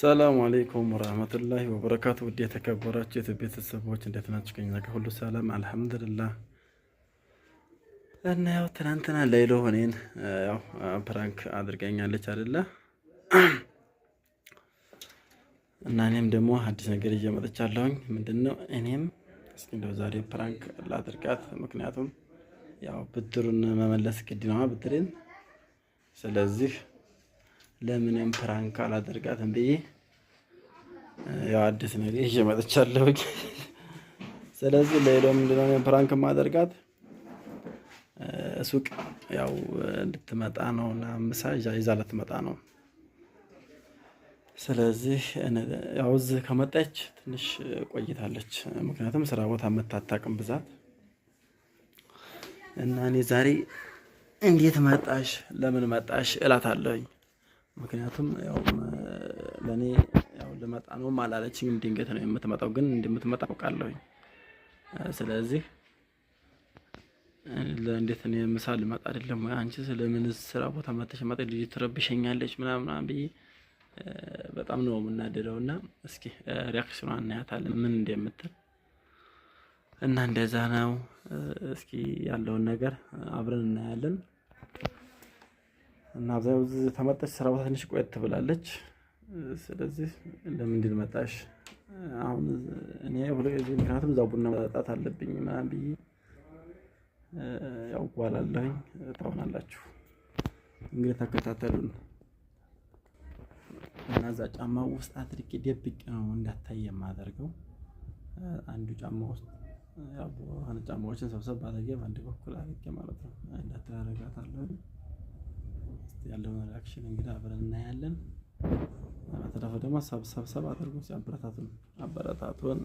ሰላም አሌይኩም ወራህመቱላሂ ወበረካቱ። ውድ የተከበራችሁ የቤተሰቦች እንዴት ናችሁ? ከኛ ጋር ሁሉ ሰላም አልሐምዱሊላህ። እና ያው ትናንትና ላይሎ ሆኔን ያው ፕራንክ አድርገኛለች አይደለ? እና እኔም ደግሞ አዲስ ነገር ይዤ መጥቻለሁኝ። ምንድን ነው እኔም እስኪ እንደው ዛሬ ፕራንክ ላድርጋት፣ ምክንያቱም ያው ብድሩን መመለስ ግድ ነዋ ብድሬን ስለዚህ ለምንም ፕራንክ አላደርጋትም ብዬ ያው አዲስ ነገር ይዤ መጥቻለሁ። ስለዚህ ለሌላው ምንድነው ፕራንክ ማደርጋት ሱቅ ያው እንድትመጣ ነው እና ምሳ ይዛ ልትመጣ ነው። ስለዚህ ያው እዚህ ከመጣች ትንሽ ቆይታለች፣ ምክንያቱም ስራ ቦታ የምታታቅም ብዛት እና እኔ ዛሬ እንዴት መጣሽ፣ ለምን መጣሽ እላታለሁኝ ምክንያቱም ያው ለእኔ ያው ልመጣ ነው አላለችኝም። ድንገት ነው የምትመጣው፣ ግን እንደምትመጣ አውቃለሁኝ። ስለዚህ እንዴት ነው የምሳ ልመጣ አይደለም ወይ አንቺ ስለምን ስራ ቦታ መተሽ መጠ ልጅ ትረብሸኛለች ምናምን ብዬ በጣም ነው የምናደደው። እና እስኪ ሪያክሽኗ እናያታለን ምን እንደምትል እና እንደዛ ነው። እስኪ ያለውን ነገር አብረን እናያለን። እና አብዛኛው ተመጣች ስራ ቦታ ትንሽ ቆየት ትብላለች። ስለዚህ ለምንድን መጣሽ? አሁን እኔ ምክንያቱም እዛ ቡና መጠጣት አለብኝ ምናምን ብዬ ያው ጓላለሁኝ። ታሆናላችሁ እንግዲህ ተከታተሉን እና እዛ ጫማ ውስጥ አድርጌ ደብቄ ነው እንዳታይ የማደርገው። አንዱ ጫማ ውስጥ ሆነ ጫማዎችን ሰብሰብ ባደርጌ በአንድ በኩል አድርጌ ማለት ነው እንዳታይ አደርጋታለሁ። ያለውን ሪያክሽን እንግዲህ አብረን እናያለን። በተረፈ ደግሞ ሰብሰብሰብ አድርጉ አበረታቱን አበረታቱን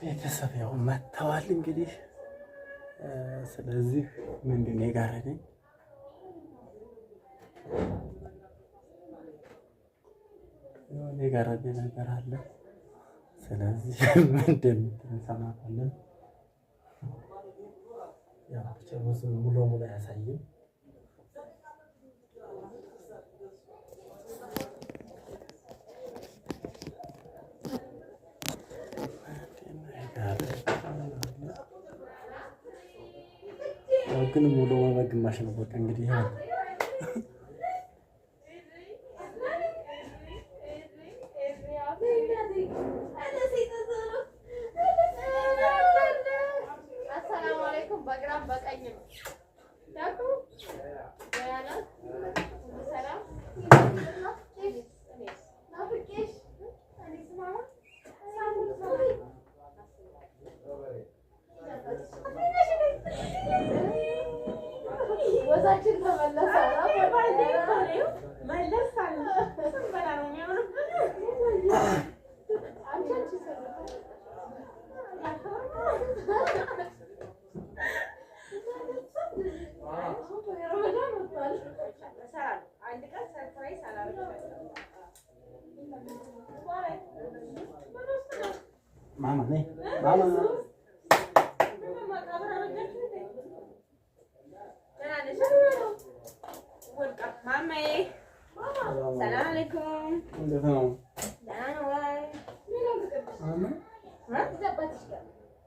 ቤተሰብ ያው መጥተዋል እንግዲህ። ስለዚህ ምንድን ነው የጋረደኝ የጋረደኝ ነገር አለ። ስለዚህ ምንድን ነው ቸርኖስን ሙሉ በሙሉ አያሳይም። ግን ሙሉ በግማሽ ነው በቃ እንግዲህ ማማ ነይ ማማ ሰላም አለይኩም። እንዴት ነው? ደህና ነው ወይ?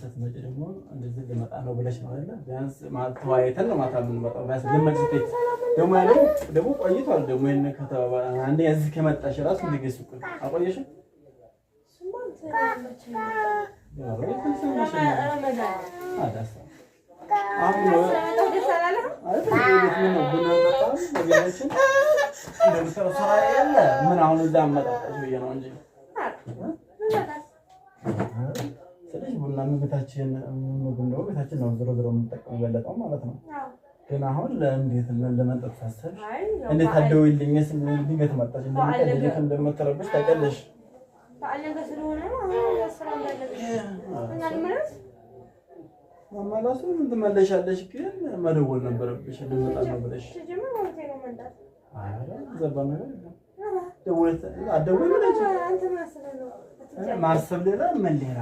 ስትመጪ ደግሞ እንደዚህ ልመጣ ነው ብለሽ ነው አይደለ? ቢያንስ ተወያይተን ነው ማታ የምንመጣው። ቢያንስ ልመጭ ስቴት ደግሞ ያለው ደግሞ ቆይቷል። ደግሞ ይህን ከተባባ አንዴ እዚህ ከመጣሽ ራሱ ልግስ ቁ አቆየሽም ምን አሁን እዛ መጣጣሽ ብዬ ነው እንጂ ስለዚህ ቡና ቤታችን ምግብ ደግሞ ቤታችን ነው ዝሮ ዝሮ የምንጠቀመው በለጠው ማለት ነው። ግን አሁን ለእንዴት ለመጠጥ ሳሰብ እንዴት አደውልኝ ድንገት መጣች እንደሚቀልጅት እንደምትረብሽ ታውቂያለሽ። መመላሱ ምን ትመለሻለሽ? ግን መደወል ነበረብሽ። ልመጣ ነበረሽ ዘባ ነገር ደወል ነው ማሰብ ሌላ ምን ሌላ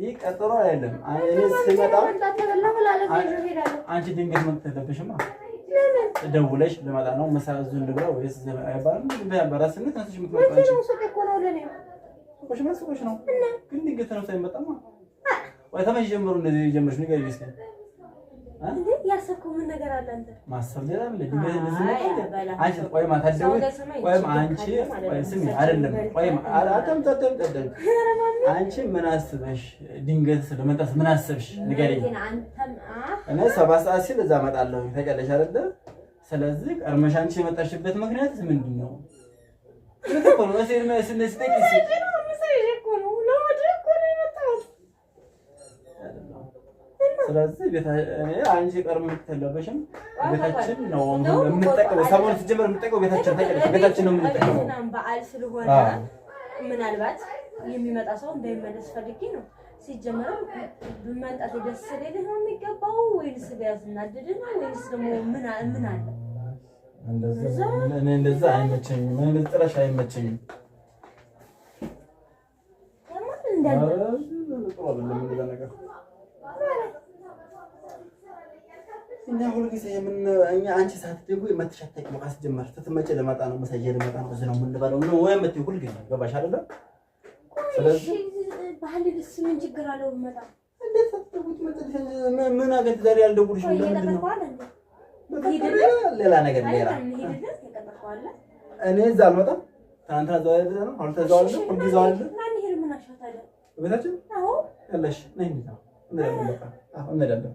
ይህ ቀጠሮ አይደለም። ስመጣ አንቺ ድንገት ደውለሽ ልመጣ ነው ምሳ እዚሁ እንብላ ወይስ አይባልም። በራስ ስሜት አንቺ ነው ግን ድንገት ነው ሳይመጣማ ወይ ተመሽ ጀምሩ እንደዚህ ጀምርሽ ንገሪኝ እስኪ ያሰብከው ምን ነገር አለ? አንተ ማሰብ ሌላ አንቺ ምን አስበሽ ድንገት ስለመጣስ ምን አስብሽ ንገሪኝ። እኔ ሰባት ሰዓት ሲል እዛ እመጣለሁ። ታውቂያለሽ አይደለ? ስለዚህ ቀድመሽ አንቺ የመጣሽበት ምክንያት ምንድን ነው? ስለዚህ አንቺ ቀር የምትለበሽም ቤታችን ነው የምንጠቀመው። ሰሞኑን ሲጀመር የምንጠቀመው ቤታችን ቤታችን ነው የምንጠቀመው። በዓል ስለሆነ ምናልባት የሚመጣ ሰው እንዳይመለስ ፈልጌ ነው። ሲጀመር መምጣት ደስ ሌልህ ነው የሚገባው ወይንስ ቢያዝናድድ ነው ወይንስ ደግሞ ምን አለ? እንደዛ አይመቸኝም። ጥረሽ አይመቸኝም። ጥሩ አይደለም እንደዛ ነገር እኛ ሁልጊዜ እኛ አንቺ ሳትደጉ የማትሻታቂ መቃስ ጀመር ስትመጪ ልመጣ ነው መሳዬ ልመጣ ነው ነው የምንበለው ነው ወይ የምትይው ሁልጊዜ ገባሽ አይደለም? ምን ችግር አለው? መጣ ሌላ ነገር ሌላ እኔ እዛ አልመጣም። ትናንትና እዛው ያለ ነው አሁን ተዛው አለ ሁልጊዜው አለ ቤታችን ያለሽ ነይ እንሂድ ነው እንሄዳለን።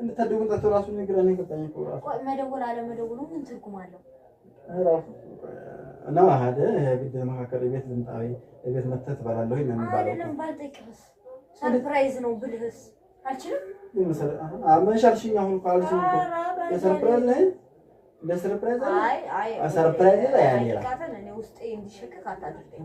እንድታደጉ ጠርተው ራሱ ንግራ ነው መደወል አለመደወሉ ምን ትርጉም አለው? እና አደ ግድ መካከል ቤት ልምጣ ቤት መተህ ትበላለህ ነው የሚባለው። አይደለም ሰርፕራይዝ ነው ብልህስ አልችልም። ምን አሁን እኮ አልሽኝ እኮ ለሰርፕራይዝ ሰርፕራይዝ ላይ ያኔ ውስጤ እንዲሸከክ አታድርገኝ።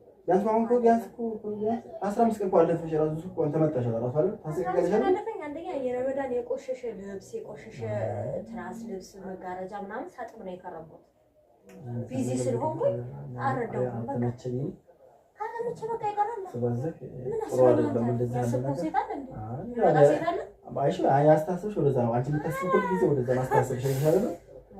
ቢያንስ ማሁን እኮ ቢያንስ እኮ አስራ አምስት ቀን እኮ አለፈሽ እራሱ እሱ እኮ ተመታሽ እራሱ አንደኛ የረመዳን የቆሸሸ ልብስ የቆሸሸ ትራስ ልብስ መጋረጃ ምናምን ሳጥብ ነው የከረምኩት። ቢዚ ስለሆንኩኝ አልረዳሁም። በቃ በቃ ይቀራል። ስለዚህ ጥሩ አይደለም እንደዚህ ያለ ነው አንቺ የምታስቢው ጊዜ ወደዛ ማስታሰብሽ አይሻልም?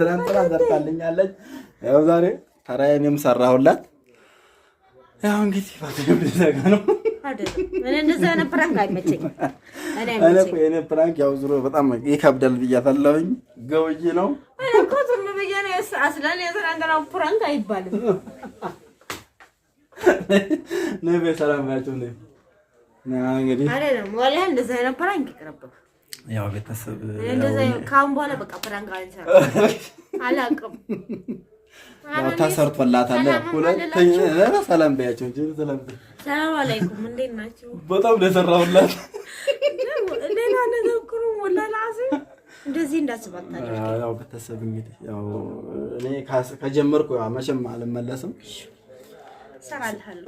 ትናንትና ሰርታልኛለች። ያው ዛሬ ተራዬንም ሰራሁላት። ያው እንግዲህ ፋቴም ሊዘጋ ነው። እኔ ፕራንክ ያው ዝሮ በጣም ይከብዳል ብያታለሁኝ። ገውጂ ነው ፕራንክ አይባልም። ነይ በሰላም ናቸው። እንግዲህ እንደዚህ አይነት ፕራንክ ይቅርብህ። ያው ቤተሰብ ከአሁን በኋላ በቃ ፕራንክ አላውቅም። ታሰርቶላታለ ሁለተኛ ሰላም በያቸው እ ሰላም ሰላም አለይኩም እንዴት ናቸው? በጣም ለሰራሁላት እንደና ነዘክሩ ወላላዚ እንደዚህ እንዳስባታል። ያው ቤተሰብ እንግዲህ ያው እኔ ከጀመርኩ ያው መቼም አልመለስም። ሰራልሃለሁ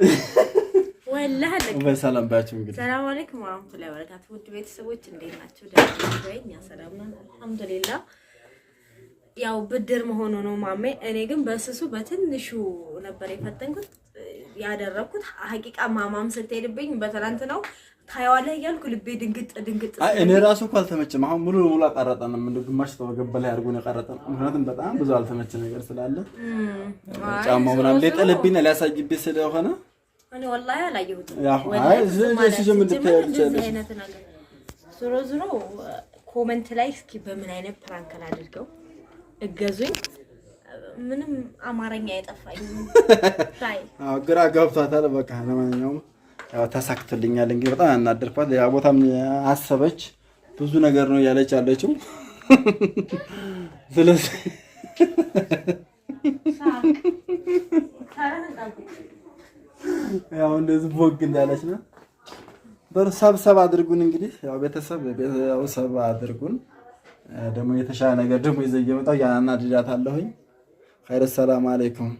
ሰላም ባያችሁ እንግዲህ ሰላም አለይኩም ወራህመቱላሂ ወበረካቱ። ውድ ቤተሰቦች እንዴት ናችሁ? ደህና ሰላም ነን አልሐምዱሊላህ። ያው ብድር መሆኑ ነው ማሜ። እኔ ግን በስሱ በትንሹ ነበር የፈተንኩት ያደረኩት ሀቂቃ ማማም ስትሄድብኝ በትናንት ነው ታየዋለህ እያልኩ ልቤ ድንግጥ ድንግጥ። እኔ ራሱ እኮ አልተመቸም። አሁን ሙሉ ለሙሉ አቀረጠንም እንደ ግማሽ ተወገብ በላይ አድርጎን ያቀረጠን። ምክንያቱም በጣም ብዙ አልተመቸ ነገር ስላለ ጫማው ምናምን ሊጥልብኝ ሊያሳይብኝ ስለሆነ ወላሂ አላየሁትም። ዞሮ ዞሮ ኮመንት ላይ እስኪ በምን አይነት ፕራንክ አድርገው እገዙኝ። ምንም አማርኛ የጠፋኝ ግራ ገብቷታል። በቃ ለማንኛውም ተሳክቶልኛል። እንግዲህ በጣም አናደርኳት። ያ ቦታም አሰበች ብዙ ነገር ነው እያለች ያለችው። ስለዚህ ያው እንደዚህ ቦግ እንዳለች ነው። በር ሰብሰብ አድርጉን እንግዲህ ያው ቤተሰብ ያው ሰብ አድርጉን። ደግሞ የተሻለ ነገር ደግሞ ይዘየመጣው ያናድዳት አለሁኝ። ኸይረ ሰላም አለይኩም